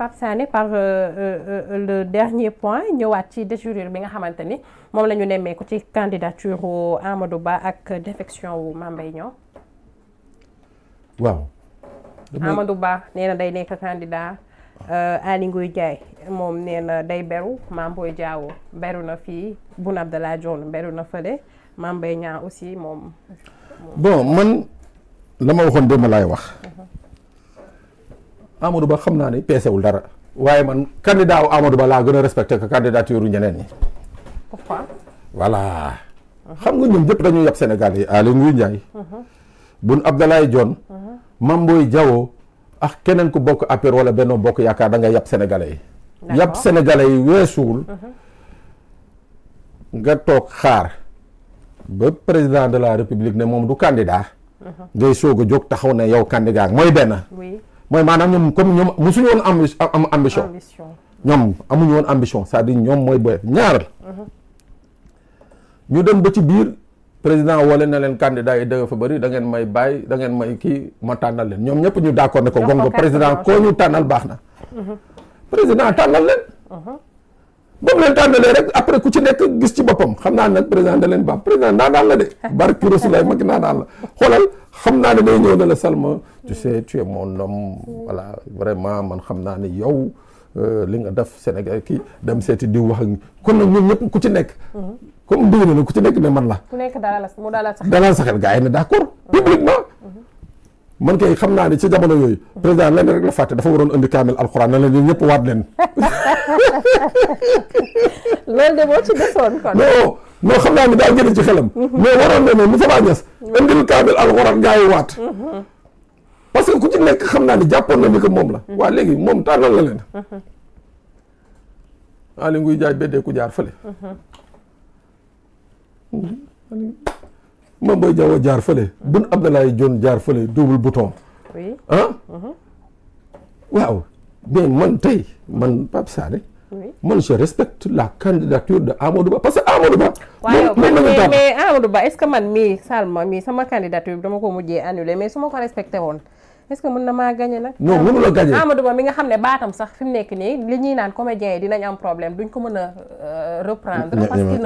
Pape Sané par euh, euh, euh, le dernier point ñëwaat ci déchirure bi nga xamante ni moom la ñu nemmeeku ci candidature Amadou Ba ak défection wu Mame Mbaye Niang waaw Amadou Ba na day nekk candidat Aly Ngouille Ndiaye moom nee na day beru Mame Boye Diao beru na fii Boun Abdallah Dionne beru na fële Mame Mbaye Niang aussi moom bon man la ma waxoon démb wax mhm. Amadou Ba xam naa ne peesewul dara waaye man candidat wu Amadou Ba laa gën a respecté que candidature ñeneen ñi. pourquoi. voilà. xam nga ñoom ñëpp dañuy yab Sénégal yi Aly Ngouille Ndiaye. Boun Abdallah Dionne. Mame Boye Diao keneen ku bokk APR wala Benno Bokk Yaakaar da ngay yab sénégalais yi. yab sénégalais yi weesuwul. Mhm. nga toog xaar ba président de la république ne moom du candidat. Mhm. ngay soog jóg taxaw ne yow candidat mooy benn. mooy maanaam ñoom comme ñoom mu musuñu woon am am ambition. ñoom amuñu woon ambition sa di ñoom mooy boye ñaar. ñu dem ba ci biir président wala na leen candidat yi da fa bari dangeen may bàyyi dangeen may kii ma tànnal leen ñoom ñëpp ñu d'accord ne ko. gongo président koo ñu tànnal baax na. Mhm. président tànnal leen. Mhm. ba mu leen tànnalee rek après ku ci nekk gis ci boppam xam naa nag président da leen baax président naanaan la de barki Rasulullah mag naanaan la xoolal xam naa ne day ñëw na la Salma tu sais tu es mon homme voilà man xam naa ne yow euh, li nga def Sénégal kii dem seeti di wax ak kon nag ñun ñëpp ku ci nekk mhm. comme dégg na ku ci nekk ne man la ku nekk dalal sa xel gars yi ne d'accord man kay xam naa ne ci jamono yooyu. président lenn rek la fàtte dafa waroon indi kaamil alxuraan na leen ñëpp waat leen. loolu de moo ci desoon kon. xam naa ne daa gën ci xelam. Mhm. mais waroon na ne Moustapha Niasse. Mhm. indil kaamil alxuraan gars waat. Mhm. parce que ku ci nekk xam naa ni jàppoon na ni ko moom la. waa léegi moom tànnal la leen. Aly Ngouille Ndiaye beddee ku jaar fële. Mame Boye Diao jaar fële Boun Abdallah Dionne jaar fële double bouton oui ah waaw mais man tey man Pape Sané oui man je respecte la candidature de Amadou Ba parce que Amadou Ba. waaw mais mais Ba est que man mii Salma mii sama candidature bi dama ko mujjee annulé mais su ma ko respecté woon. est-ce que mën na maa gagné nag. non mënu la gagné Amadou Ba mi nga xam ne baatam sax fi nekk nii li ñuy naan comédien yi dinañ am ko a euh, reprendre. parce ñu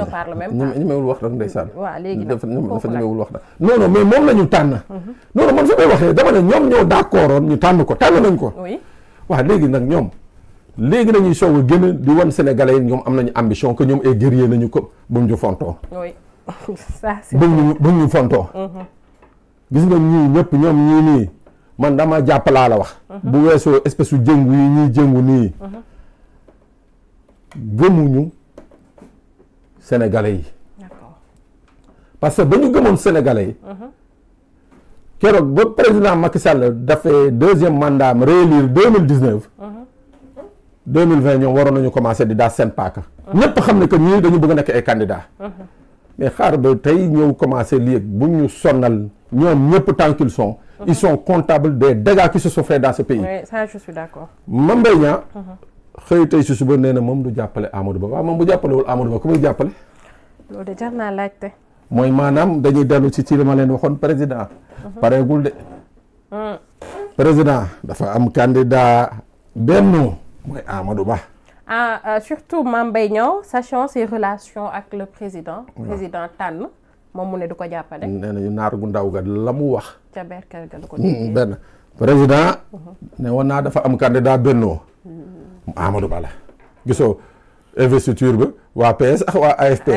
meewul wax rek ndeysaan. waaw léegi nag dafa ñemewul wax nag. non ñu tànn. Mhm. non non man nañ ko. oui waaw léegi nag ñoom. léegi nañuy soog a gën di wan sénégalais yi ñoom am nañu ambition que ñoom ay nañu ko ba mu ñu fontoo. Mhm. gis nga ñii ñëpp ñoom ñii nii man dama jàpp laa la wax. Mhm. bu weesoo espèce su jëngu yi ñuy jëngu nii. Mhm. gëmuñu sénégalais yi. parce que ba ñu gëmoon sénégalais yi. Mhm. keroog ba président Macky Sall dafay deuxième mandat am réélire deux mille dix ñoom waroon nañu commencé di daal seen paaka. ñëpp xam ne que ñii dañu bëgg nekk ay candidats. mais xaar ba tey ñëw commencé lii bu ñu sonnal ñoom ñëpp tant qu'ils ils sont comptables des dégâts qui se sont faits dans ce pays. oui ça je suis d'accord. Mame Mbaye Niang. Mhm. na moom du jàppale Amadou Ba waaw moom bu jàppalewul Amadou Ba ku muy jàppale. loolu naa laajte. mooy maanaam dañuy dellu ci ci li ma leen waxoon président. Mhm. pareegul de. Mm. président dafa am candidat benn mooy Amadou Ba. ah euh, surtout Mame Mbaye Niang sachant ses ak le président. président tànn. moom mu ne du ko jàppale. nee nañu naar gu ndaw ga la mu wax. ca berkel ga la ko benn président. ne woon naa dafa am candidat bennoo. Mm-hmm. Amadou Ba la gisoo investiture ba. waa PS ak waa AFP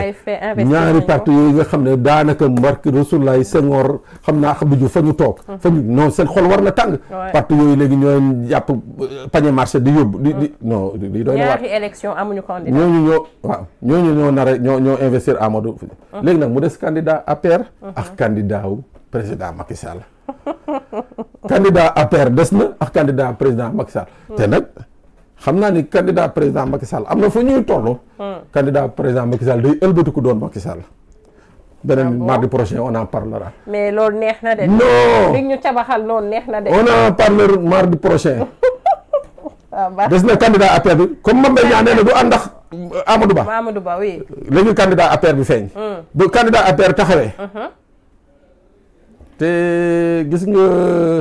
ñaari parti yooyu nga xam ne daanaka mbarki Rasulaay Senghor xam naa xam ju fa ñu toog mhm. fa ñu non seen xol war na tàng parti yooyu léegi ñooy jàpp euh, pañe marché di yóbbu di di mhm. non di doy na waar ñaari élection ñooñu ñoo waaw ñoo nar a ñoo ñoo investir Amadou mhm. léegi nag mu des candidat APR ak candidat wu président Macky Sall candidat APR des na ak candidat président Macky Sall te nag xam naa ni candidat président Macky Sall am na foo ñuy toll. Hmm. candidat président Macky Sall day ëlbatiku doon Macky Sall. beneen ah mardi prochain on en parlera. mais loolu neex na de. non li ñu cabaxal noonu neex na de. on en parlera mardi prochain. Ah, des na candidat APR bi comme Mame Mbaye Niang nee na du ànd ndax Amadou Ba. Amadou Ba oui. léegi candidat APR bi feeñ. Hmm. bu candidat APR taxawee. Uh-huh. te gis nga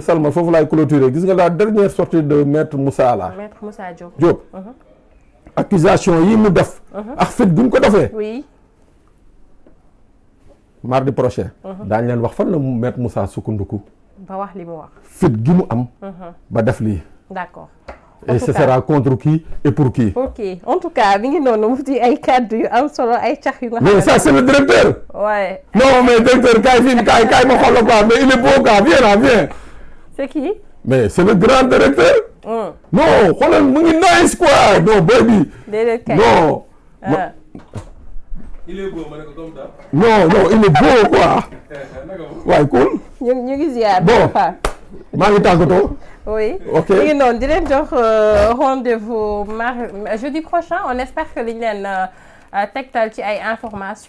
Salma foofu laay clôturer gis nga la dernière sorti de maître musa la. maître Moussa Diop mhm. accusation yi mu def. Mhm. ak fit bu mu ko defee. oui. mardi prochain. Mhm. daañu leen wax fan la maître musa sukkandiku. ba wax li mu wax. fit gi mu am. ba def lii. d'accord. en et ce sera contre qui pour qui. ok en tout cas mi ngi noonu mu di ay kàddu yu am solo ay cax yu nga. mais ça c'est le directeur. ouais non mais la quoi mais il est beau quoi viens là viens. c'est qui. mais c'est le non xoolal mu ngi non non. Ah. il est beau ma ne ko comme ça. non non il est beau quoi. waaye eh, eh, cool. tàggatoo. oui ok léegi noonu di leen jox euh, rendez-vous mar jeudi prochain on espère que liñ leen euh, tegtal ci ay informations.